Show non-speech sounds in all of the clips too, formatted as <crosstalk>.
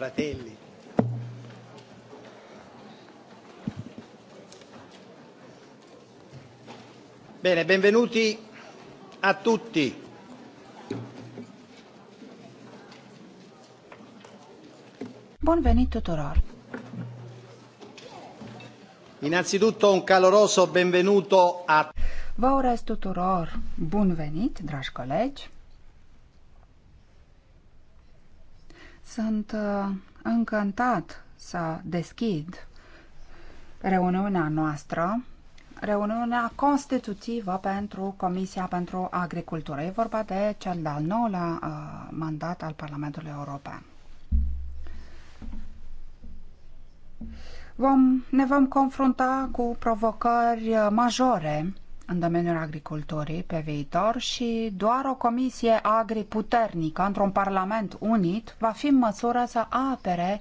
fratelli. Bene, benvenuti a tutti. Bun venit Toror. Innanzitutto un caloroso benvenuto a Vă urez tuturor bun venit, dragi colegi. Sunt uh, încântat să deschid reuniunea noastră, reuniunea constitutivă pentru Comisia pentru Agricultură. E vorba de cel de-al nouălea uh, mandat al Parlamentului European. Vom, ne vom confrunta cu provocări uh, majore în domeniul agricultorii pe viitor și doar o comisie agri puternică într-un parlament unit va fi în măsură să apere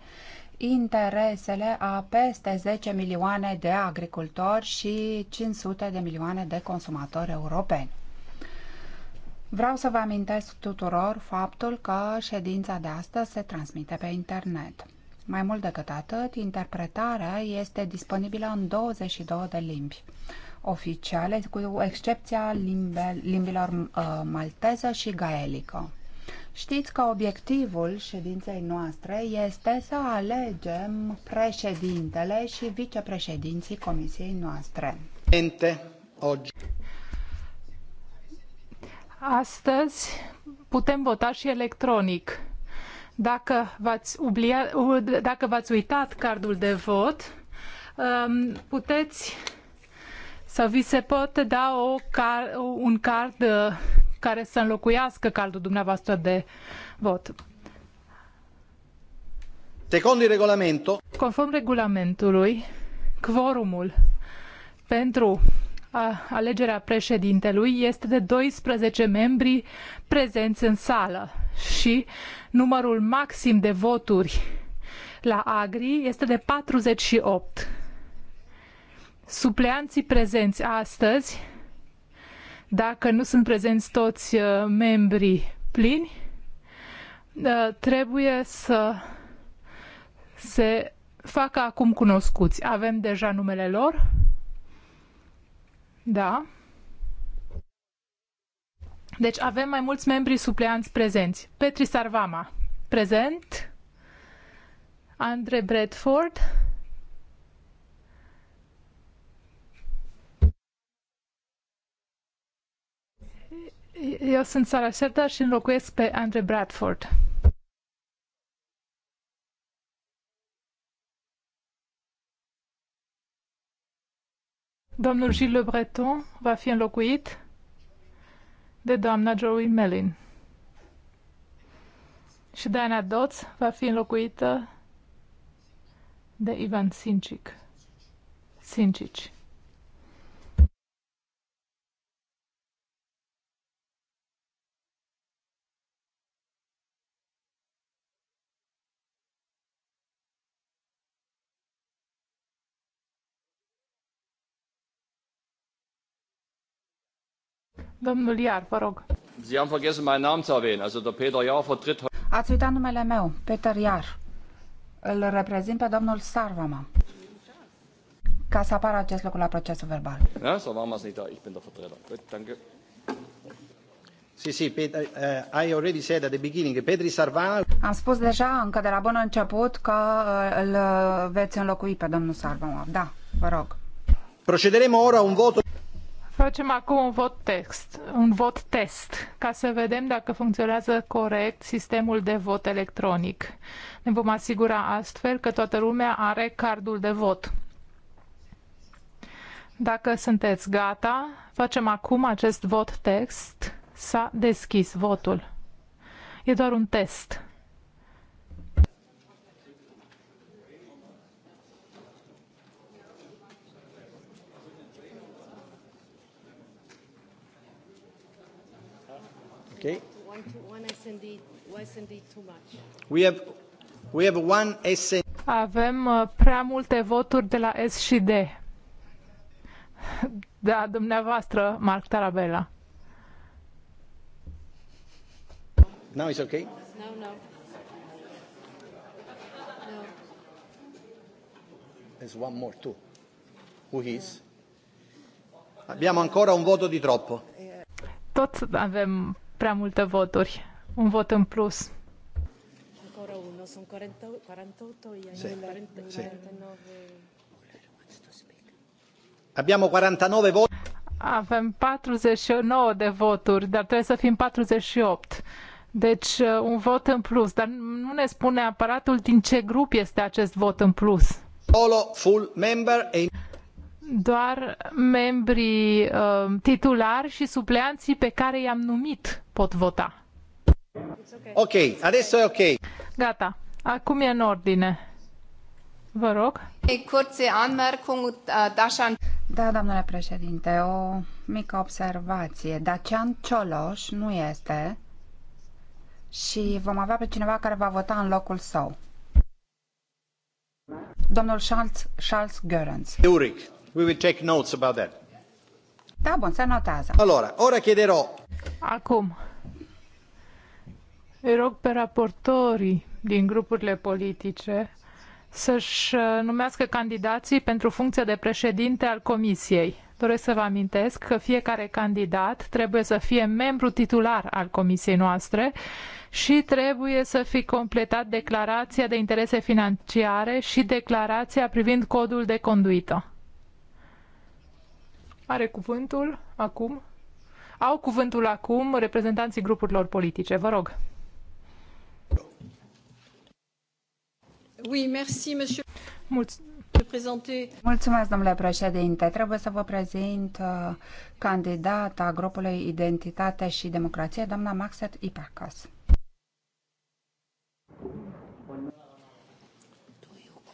interesele a peste 10 milioane de agricultori și 500 de milioane de consumatori europeni. Vreau să vă amintesc tuturor faptul că ședința de astăzi se transmite pe internet. Mai mult decât atât, interpretarea este disponibilă în 22 de limbi oficiale, cu excepția limbe, limbilor uh, malteză și gaelică. Știți că obiectivul ședinței noastre este să alegem președintele și vicepreședinții comisiei noastre. Astăzi putem vota și electronic. Dacă v-ați, dacă v-ați uitat cardul de vot, um, puteți să vi se pot da o car, un card uh, care să înlocuiască cardul dumneavoastră de vot. Secondo il regolamento. Conform regulamentului, quorumul pentru alegerea președintelui este de 12 membri prezenți în sală și numărul maxim de voturi la Agri este de 48 supleanții prezenți astăzi, dacă nu sunt prezenți toți uh, membrii plini, uh, trebuie să se facă acum cunoscuți. Avem deja numele lor? Da. Deci avem mai mulți membri supleanți prezenți. Petri Sarvama, prezent. Andre Bradford, Eu sunt Sara Șerta și înlocuiesc pe Andre Bradford. Domnul Gilles Le Breton va fi înlocuit de doamna Joey Mellin. Și Diana Dodds va fi înlocuită de Ivan Sincic. Sincic. Domnul Iar, vă rog. Sie haben vergessen meinen Namen zu erwähnen. Also der Peter Jahr vertritt Ați uitat numele meu, Peter Iar. Îl reprezint pe domnul Sarvama. Ca să apară acest lucru la procesul verbal. Ja, Sarvama ist nicht da, ich bin der Vertreter. Gut, danke. Si, si, Peter, uh, I already said at the beginning Petri Sarvama... Am spus deja încă de la bun început că eh, îl eh, veți înlocui pe domnul Sarvama. Da, vă rog. Procederemo ora un voto... Facem acum un vot text, un vot test, ca să vedem dacă funcționează corect sistemul de vot electronic. Ne vom asigura astfel că toată lumea are cardul de vot. Dacă sunteți gata, facem acum acest vot text. S-a deschis votul. E doar un test. Okay. We have, we have one SND. Avem uh, prea multe voturi de la S și D. <laughs> Da, dumneavoastră, Marc Tarabella. Now it's okay? no. no. There's one more too. Who is? Abbiamo ancora un voto di troppo. Tot avem prea multe voturi. Un vot în plus. Abbiamo 49 voti. Avem 49 de voturi, dar trebuie să fim 48. Deci uh, un vot în plus, dar nu ne spune aparatul din ce grup este acest vot în plus. Solo full member e... Doar membrii uh, titulari și supleanții pe care i-am numit pot vota. Ok, adesso ok. Gata, acum e în ordine. Vă rog. Uh, da, domnule președinte, o mică observație. Dacian Cioloș nu este și vom avea pe cineva care va vota în locul său. Domnul Charles, Charles Görens. Uric, we will take notes about that. Da, bun, se notează. Allora, ora chiederò. Acum, îi rog pe raportorii din grupurile politice să-și uh, numească candidații pentru funcția de președinte al comisiei. Doresc să vă amintesc că fiecare candidat trebuie să fie membru titular al comisiei noastre și trebuie să fi completat declarația de interese financiare și declarația privind codul de conduită. Are cuvântul acum? Au cuvântul acum reprezentanții grupurilor politice. Vă rog. Mulțumesc. domnule președinte. Trebuie să vă prezint uh, candidata grupului Identitate și Democrație, doamna Maxet Ipacas.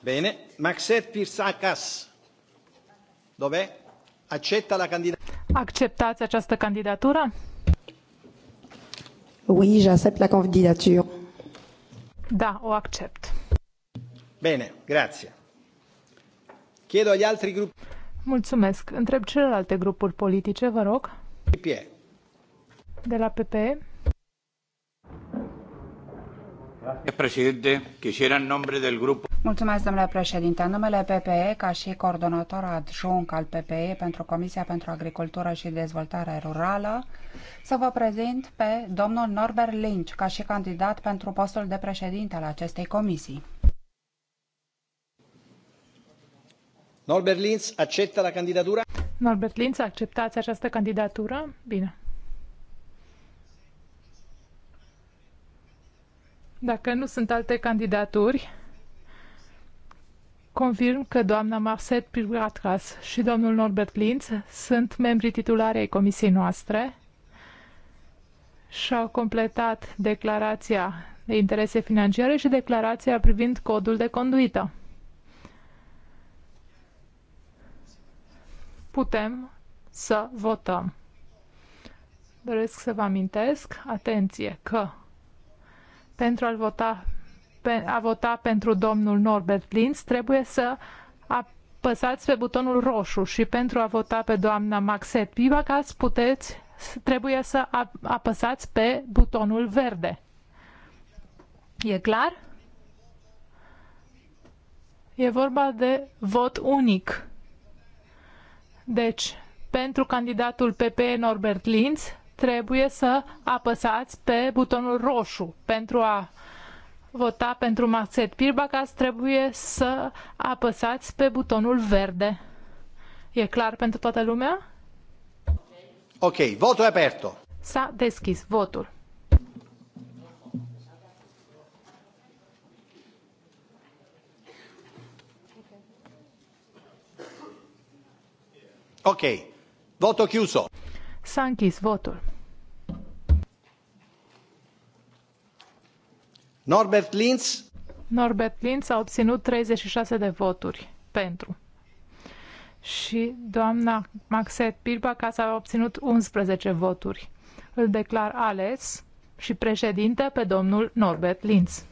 Bine, Maxet Pirsakas. Dove? Accetta la candidatura. Acceptați această candidatură? Oui, j'accepte la candidature. Da, o accept. Bine, grație. Chiedo agli altri gruppi. Mulțumesc. Întreb celelalte grupuri politice, vă rog. PPE. De la PPE. Mulțumesc, domnule președinte. În numele PPE, ca și coordonator adjunct al PPE pentru Comisia pentru Agricultură și Dezvoltare Rurală, să vă prezint pe domnul Norbert Lynch, ca și candidat pentru postul de președinte al acestei comisii. Norbert Linz acceptă la candidatura? Norbert Linz, acceptați această candidatură? Bine. Dacă nu sunt alte candidaturi, confirm că doamna Marcet Piratras și domnul Norbert Linz sunt membri titulari ai comisiei noastre și au completat declarația de interese financiare și declarația privind codul de conduită. putem să votăm. Doresc să vă amintesc, atenție, că pentru a vota, pe, a vota pentru domnul Norbert Linz trebuie să apăsați pe butonul roșu și pentru a vota pe doamna Maxet Pivacas, puteți, trebuie să apăsați pe butonul verde. E clar? E vorba de vot unic. Deci, pentru candidatul PPE Norbert Linz, trebuie să apăsați pe butonul roșu pentru a vota pentru Maxet Pirbacas, trebuie să apăsați pe butonul verde. E clar pentru toată lumea? Ok, votul e aperto. S-a deschis votul. Ok. Voto chiuso. S-a închis votul. Norbert Linz. Norbert Linz a obținut 36 de voturi pentru. Și doamna Maxet Pirbacas a obținut 11 voturi. Îl declar ales și președinte pe domnul Norbert Linz.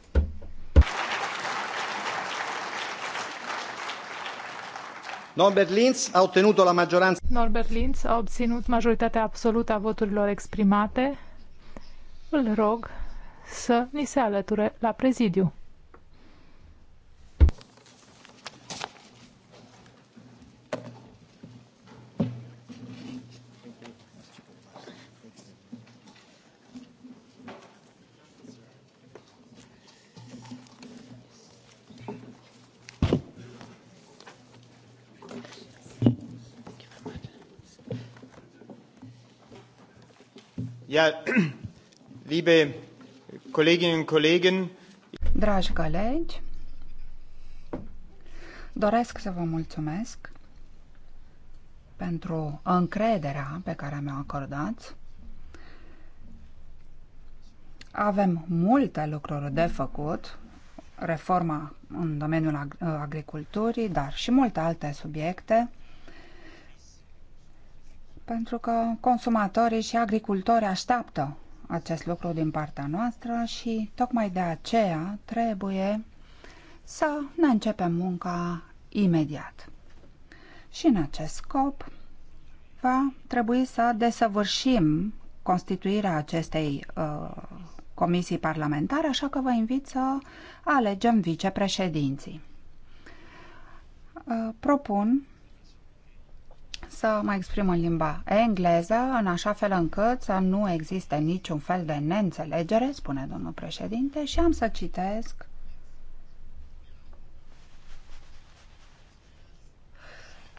Norbert Linz a obținut la maggioranza. Norbert Linz a obținut majoritatea absolută a voturilor exprimate. Îl rog să ni se alăture la prezidiu. Ja, <clears throat> liebe Kolleginnen und Kollegen, Dragi colegi, doresc să vă mulțumesc pentru încrederea pe care mi-o acordați. Avem multe lucruri de făcut, reforma în domeniul agriculturii, dar și multe alte subiecte pentru că consumatorii și agricultorii așteaptă acest lucru din partea noastră și tocmai de aceea trebuie să ne începem munca imediat. Și în acest scop va trebui să desăvârșim constituirea acestei uh, comisii parlamentare, așa că vă invit să alegem vicepreședinții. Uh, propun să mă exprim în limba engleză, în așa fel încât să nu existe niciun fel de neînțelegere, spune domnul președinte, și am să citesc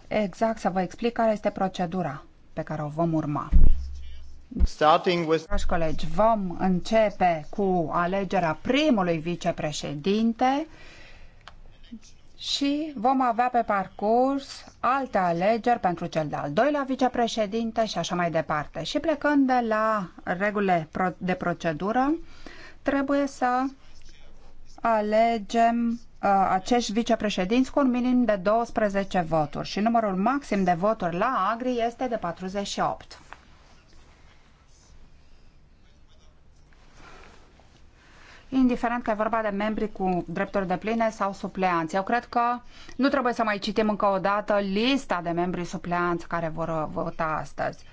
exact să vă explic care este procedura pe care o vom urma. Starting with... Dragi colegi, vom începe cu alegerea primului vicepreședinte și vom avea pe parcurs alte alegeri pentru cel de-al doilea vicepreședinte și așa mai departe. Și plecând de la regulile de procedură, trebuie să alegem uh, acești vicepreședinți cu un minim de 12 voturi și numărul maxim de voturi la Agri este de 48. indiferent că e vorba de membri cu drepturi de pline sau supleanți. Eu cred că nu trebuie să mai citim încă o dată lista de membri supleanți care vor uh, vota astăzi.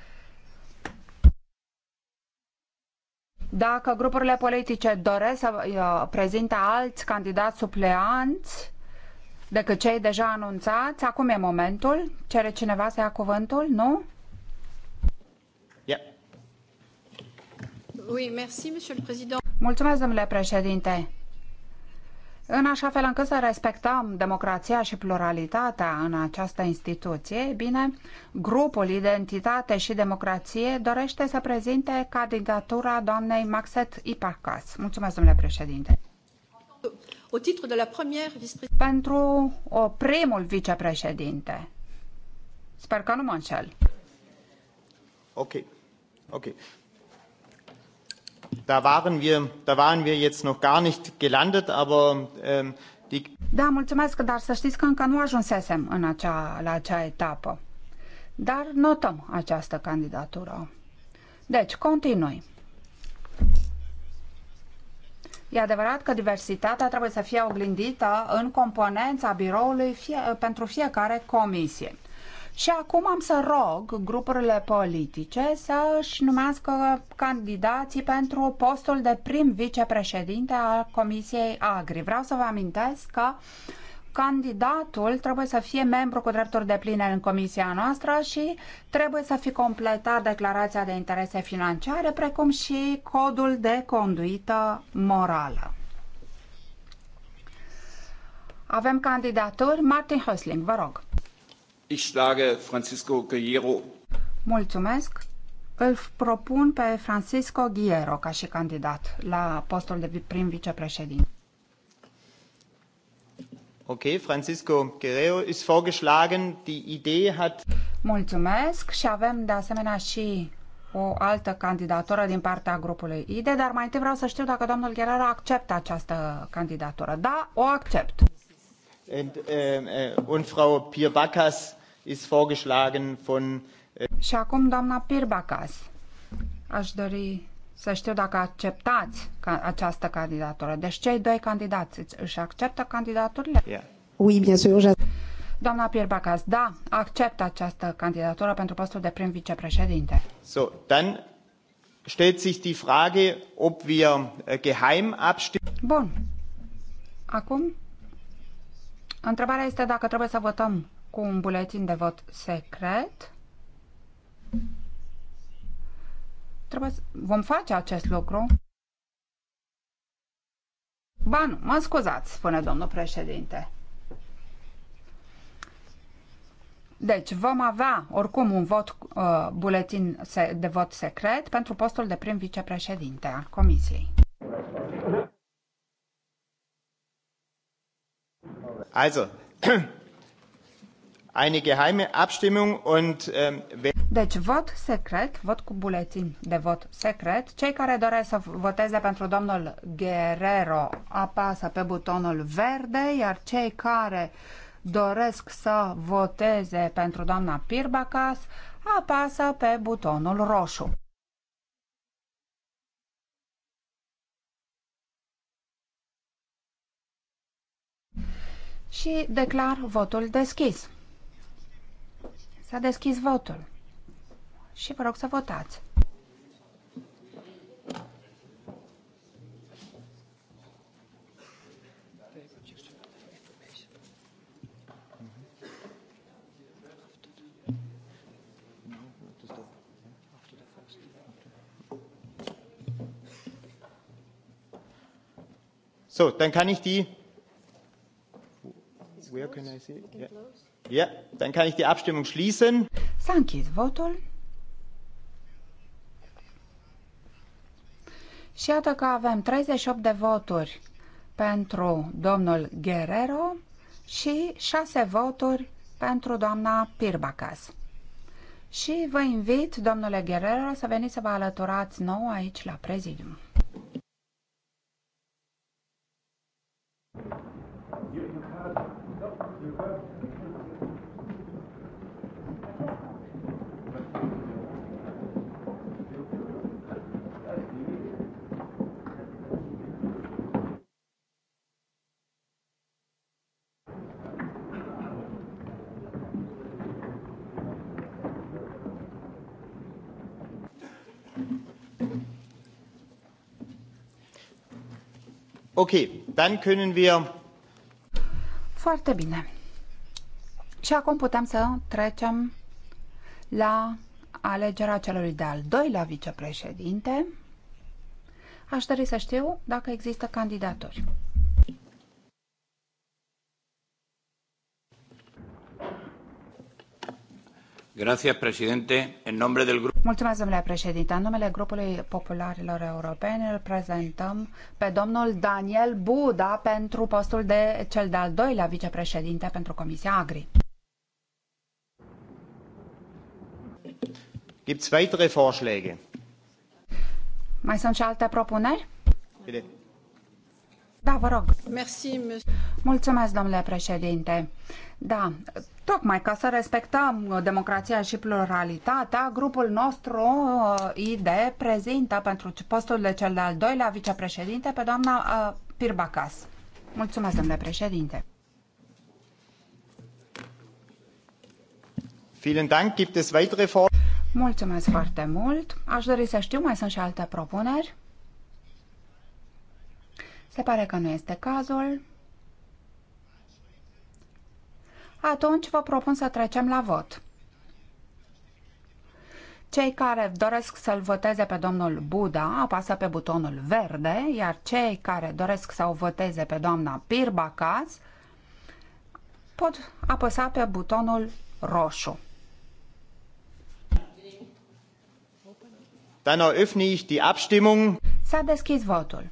Dacă grupurile politice doresc să uh, prezinte alți candidați supleanți decât cei deja anunțați, acum e momentul. Cere cineva să ia cuvântul, nu? Yeah. Oui, merci, Monsieur le Président. Mulțumesc, domnule președinte. În așa fel încât să respectăm democrația și pluralitatea în această instituție, bine, grupul Identitate și Democrație dorește să prezinte candidatura doamnei Maxet Ipacas. Mulțumesc, domnule președinte. Pentru o primul vicepreședinte. Sper că nu mă înșel. Ok. Ok. Da waren wir, da waren wir jetzt noch gar nicht gelandet, aber ähm, die... Da, mulțumesc, dar să știți că încă nu ajunsesem în acea, la acea etapă. Dar notăm această candidatură. Deci, continui. E adevărat că diversitatea trebuie să fie oglindită în componența biroului fie, pentru fiecare comisie. Și acum am să rog grupurile politice să își numească candidații pentru postul de prim vicepreședinte al Comisiei Agri. Vreau să vă amintesc că candidatul trebuie să fie membru cu drepturi de pline în comisia noastră și trebuie să fi completat declarația de interese financiare, precum și codul de conduită morală. Avem candidaturi. Martin Hösling, vă rog. Ich schlage Francisco Guerrero. Mulțumesc. Îl propun pe Francisco Guerrero ca și candidat la postul de prim vicepreședinte. Ok, Francisco Guerrero ist vorgeschlagen. Die Idee hat... Mulțumesc și avem de asemenea și o altă candidatură din partea grupului IDE, dar mai întâi vreau să știu dacă domnul Guerrero acceptă această candidatură. Da, o accept. And, uh, uh, und Frau Pierbacas ist vorgeschlagen von... Äh, Și acum doamna Pirbacas. Aș dori să știu dacă acceptați această candidatură. Deci cei doi candidați își acceptă candidaturile? Yeah. Oui, bien sûr. Doamna Pirbacas, da, accept această candidatură pentru postul de prim vicepreședinte. So, dann stellt sich die Frage, ob wir äh, geheim abstimmen. Bun. Acum, întrebarea este dacă trebuie să votăm cu un buletin de vot secret. Trebuie să... Vom face acest lucru? Ba nu, mă scuzați, spune domnul președinte. Deci vom avea oricum un vot, uh, buletin de vot secret pentru postul de prim vicepreședinte al Comisiei. Also, eine geheime Abstimmung und ähm, deci vot secret, vot cu buletin de vot secret. Cei care doresc să voteze pentru domnul Guerrero apasă pe butonul verde, iar cei care doresc să voteze pentru doamna Pirbacas apasă pe butonul roșu. Și declar votul deschis. S-a deschis votul. Și vă rog să votați. So, dann kann ich die. Where can I see? Yeah. Ja, dann kann ich die Abstimmung schließen. S-a votul. Și iată că avem 38 de voturi pentru domnul Guerrero și 6 voturi pentru doamna Pirbacas. Și vă invit, domnule Guerrero, să veniți să vă alăturați nou aici la prezidium. Ok, dann können wir... Foarte bine. Și acum putem să trecem la alegerea celui de-al doilea vicepreședinte. Aș dori să știu dacă există candidaturi. Mulțumesc, domnule președinte. În numele grupului popularilor europeni îl prezentăm pe domnul Daniel Buda pentru postul de cel de-al doilea vicepreședinte pentru Comisia Agri. Gibt's weitere Vorschläge? Mai sunt și alte propuneri? Bine. Da, vă rog. Merci, Mulțumesc, domnule președinte. Da, Tocmai ca să respectăm uh, democrația și pluralitatea, grupul nostru uh, ID prezintă pentru postul de cel de-al doilea vicepreședinte pe doamna uh, Pirbacas. Mulțumesc, domnule președinte. Vielen Dank. Gibt es weitere Mulțumesc foarte mult. Aș dori să știu, mai sunt și alte propuneri? Se pare că nu este cazul. atunci vă propun să trecem la vot. Cei care doresc să-l voteze pe domnul Buda apasă pe butonul verde, iar cei care doresc să o voteze pe doamna Pirbacaz pot apăsa pe butonul roșu. Dann eröffne ich die Abstimmung. S-a deschis votul.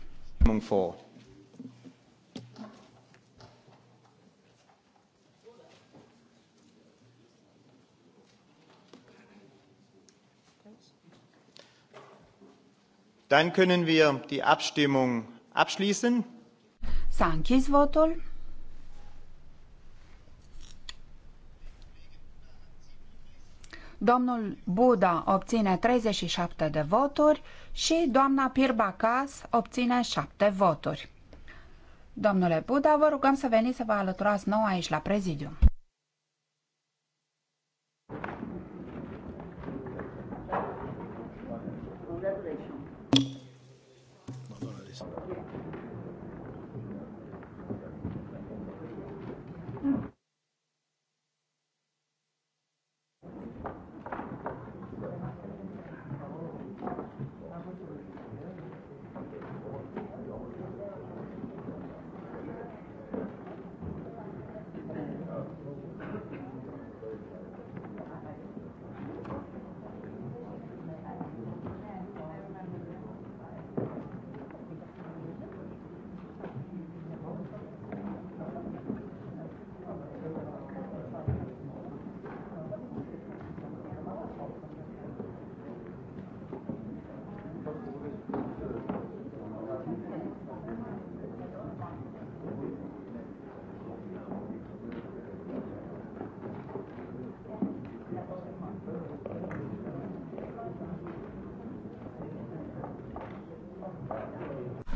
Dann können wir die Abstimmung abschließen. S-a închis votul. Domnul Buda obține 37 de voturi și doamna Pirbacas obține 7 voturi. Domnule Buda, vă rugăm să veniți să vă alăturați nou aici la prezidiu.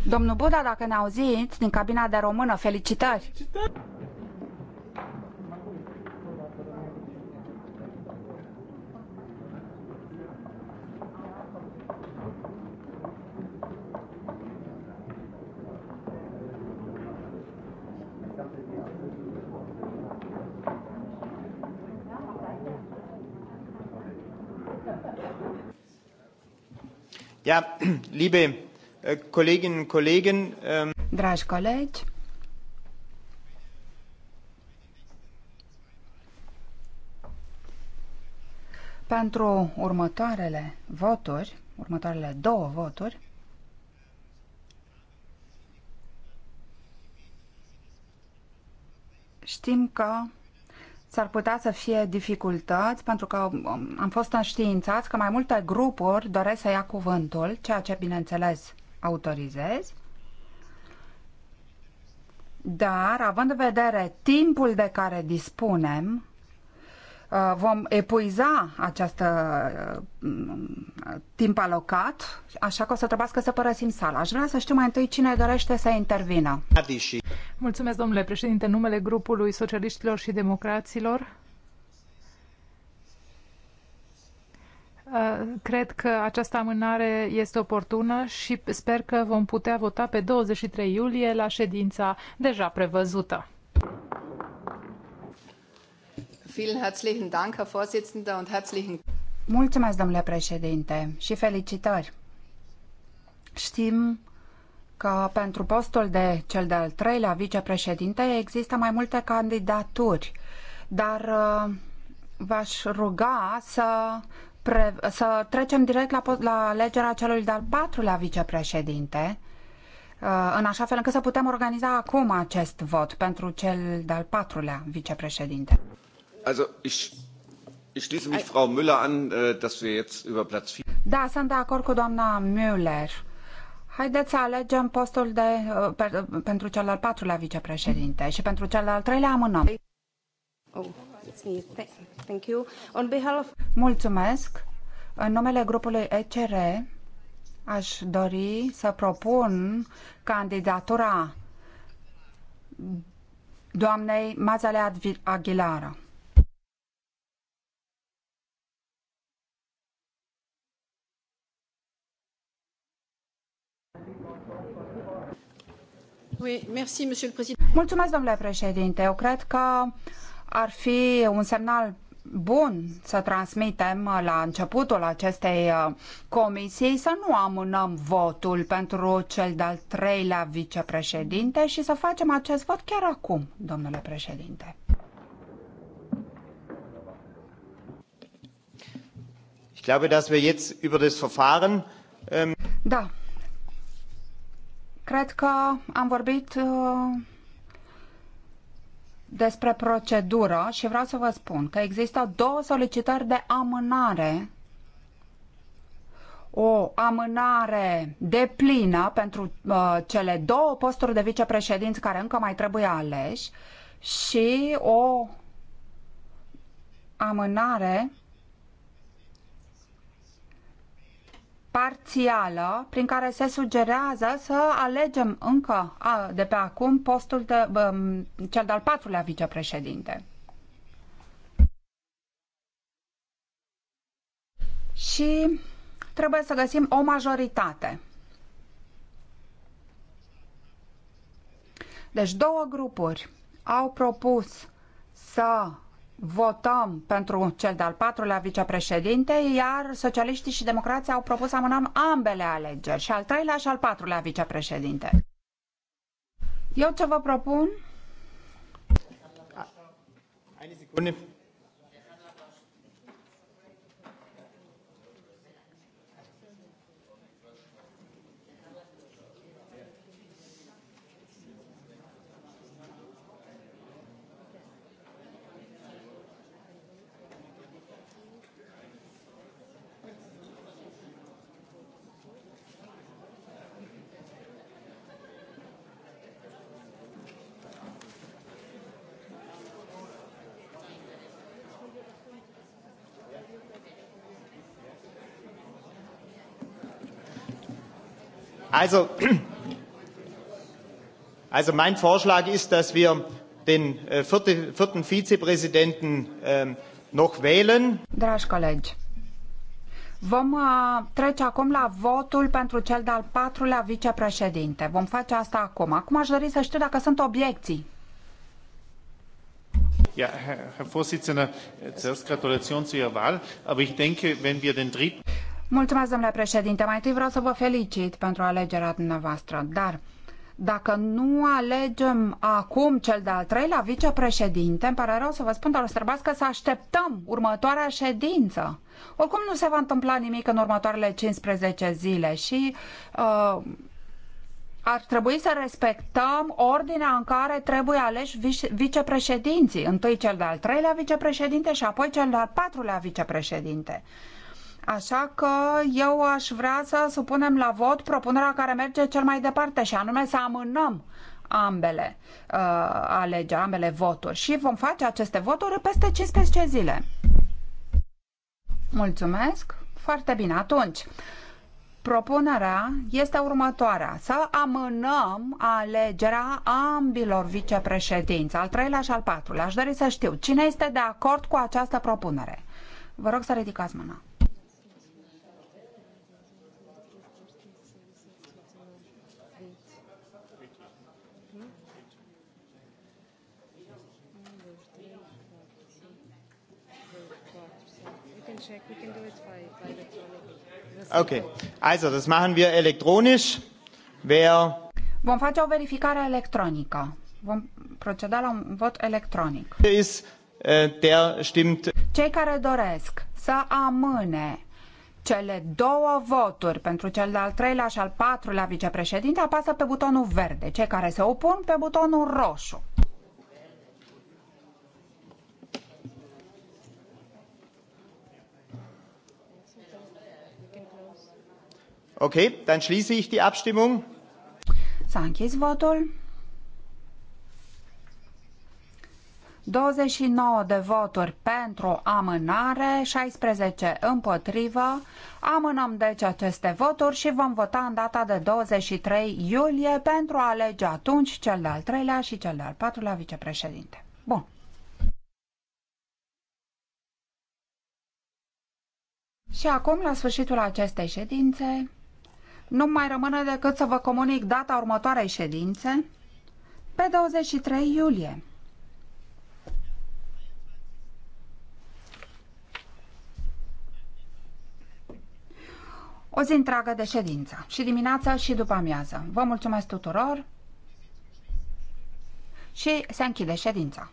Domnul Buda, dacă ne auziți din cabina de română, felicitări! Ja, <clears throat> liebe Kolleginnen und Kollegen. Ähm, Dragi colegi, pentru următoarele voturi, următoarele două voturi, știm că s-ar putea să fie dificultăți, pentru că um, am fost înștiințați că mai multe grupuri doresc să ia cuvântul, ceea ce, bineînțeles, autorizez. Dar, având în vedere timpul de care dispunem, uh, vom epuiza acest uh, timp alocat, așa că o să trebuiască să părăsim sala. Aș vrea să știu mai întâi cine dorește să intervină. Mulțumesc, domnule președinte, numele grupului socialiștilor și democraților. Uh, cred că această amânare este oportună și sper că vom putea vota pe 23 iulie la ședința deja prevăzută. Mulțumesc, domnule președinte, și felicitări. Știm că pentru postul de cel de-al treilea vicepreședinte există mai multe candidaturi, dar uh, v-aș ruga să pre, să trecem direct la, la alegerea celui de-al patrulea vicepreședinte, uh, în așa fel încât să putem organiza acum acest vot pentru cel de-al patrulea vicepreședinte. Also, ich, ich schließe mich Frau Müller an, äh, dass wir jetzt über Platz 4... Da, sunt de acord cu doamna Müller. Haideți să alegem postul de, uh, pe, pentru cel al patrulea vicepreședinte și pentru cel al treilea amânăm. Oh. Mulțumesc. În numele grupului ECR aș dori să propun candidatura doamnei Mazalea Aguilară. Mulțumesc, domnule președinte. Eu cred că ar fi un semnal bun să transmitem uh, la începutul acestei uh, comisii să nu amânăm votul pentru cel de-al treilea vicepreședinte și să facem acest vot chiar acum, domnule președinte. Ich glaube, dass wir jetzt über das Verfahren ähm, Da. Cred că am vorbit uh despre procedură și vreau să vă spun că există două solicitări de amânare o amânare deplină pentru uh, cele două posturi de vicepreședinți care încă mai trebuie aleși și o amânare parțială prin care se sugerează să alegem încă a, de pe acum postul de um, cel de-al patrulea vicepreședinte. Și trebuie să găsim o majoritate. Deci două grupuri au propus să votăm pentru cel de-al patrulea vicepreședinte, iar socialiștii și democrații au propus să amânăm ambele alegeri, și al treilea și al patrulea vicepreședinte. Eu ce vă propun? Eine Sekunde. Also, also mein Vorschlag ist, dass wir den äh, vierte, vierten Vizepräsidenten äh, noch wählen. Dragi colegi, vom uh, trece acum la votul pentru cel de-al patrulea vicepreședinte. Vom face asta acum. Acum aș dori să știu dacă sunt obiecții. Ja, Herr Vorsitzender, zuerst Gratulation zu Ihrer Wahl, aber ich denke, wenn wir den dritten Mulțumesc, domnule președinte. Mai întâi vreau să vă felicit pentru alegerea dumneavoastră, dar dacă nu alegem acum cel de-al treilea vicepreședinte, îmi pare rău să vă spun, dar o să trebuiască să așteptăm următoarea ședință. Oricum nu se va întâmpla nimic în următoarele 15 zile și uh, ar trebui să respectăm ordinea în care trebuie aleși vicepreședinții. Întâi cel de-al treilea vicepreședinte și apoi cel de-al patrulea vicepreședinte. Așa că eu aș vrea să supunem la vot propunerea care merge cel mai departe și anume să amânăm ambele uh, alegeri, ambele voturi și vom face aceste voturi peste 15 zile. Mulțumesc! Foarte bine, atunci propunerea este următoarea. Să amânăm alegerea ambilor vicepreședinți, al treilea și al patrulea. Aș dori să știu cine este de acord cu această propunere. Vă rog să ridicați mâna. Ok, electronic. Okay. Also, das machen wir elektronisch. Wer Vom face o verificare electronică. Vom proceda la un vot electronic. Is, uh, äh, der stimmt. Cei care doresc să amâne cele două voturi pentru cel de-al treilea și al patrulea vicepreședinte apasă pe butonul verde. Cei care se opun pe butonul roșu. Ok, dann schließe ich die Abstimmung. S-a închis votul. 29 de voturi pentru amânare, 16 împotrivă. Amânăm deci aceste voturi și vom vota în data de 23 iulie pentru a alege atunci cel de-al treilea și cel de-al patrulea vicepreședinte. Bun. Și acum, la sfârșitul acestei ședințe, nu mai rămâne decât să vă comunic data următoarei ședințe, pe 23 iulie. O zi întreagă de ședință, și dimineața și după amiază. Vă mulțumesc tuturor și se închide ședința.